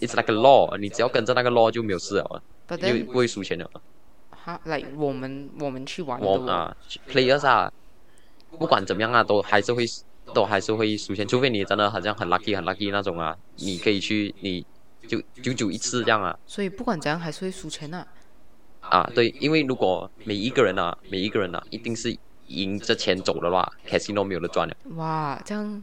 It's like a law，你只要跟着那個 law 就沒有事啊，又不會輸錢嘅。哈 like 我們我們去玩。我啊，players 去啊，不管怎麼樣啊，都還是會，都還是會輸錢。除非你真的好像很 lucky，很 lucky 那種啊，你可以去，你就久久一次這樣啊。所以不管怎樣還是會輸錢啊。啊，對，因為如果每一個人啊，每一個人啊，一定是贏咗錢走嘅話，肯定都冇得賺嘅。哇，這樣。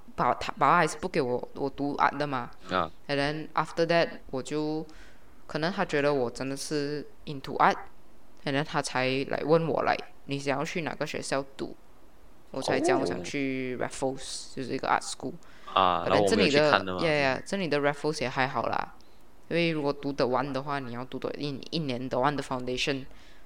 保他，保我，還是不給我？我讀 art 的嘛。嗯。然 after that 我就可能他覺得我真的是 into art，然 n 他才嚟問我嚟，你想要去哪個學校讀？我才講我想去 Raffles，oh. 就是一個 art school，uh。啊。咁你唔係去睇嘅嘛？Yeah，這裡的 Raffles 也還好啦，因為如果讀 The One 的話，你要讀到一一年 The One 的 foundation。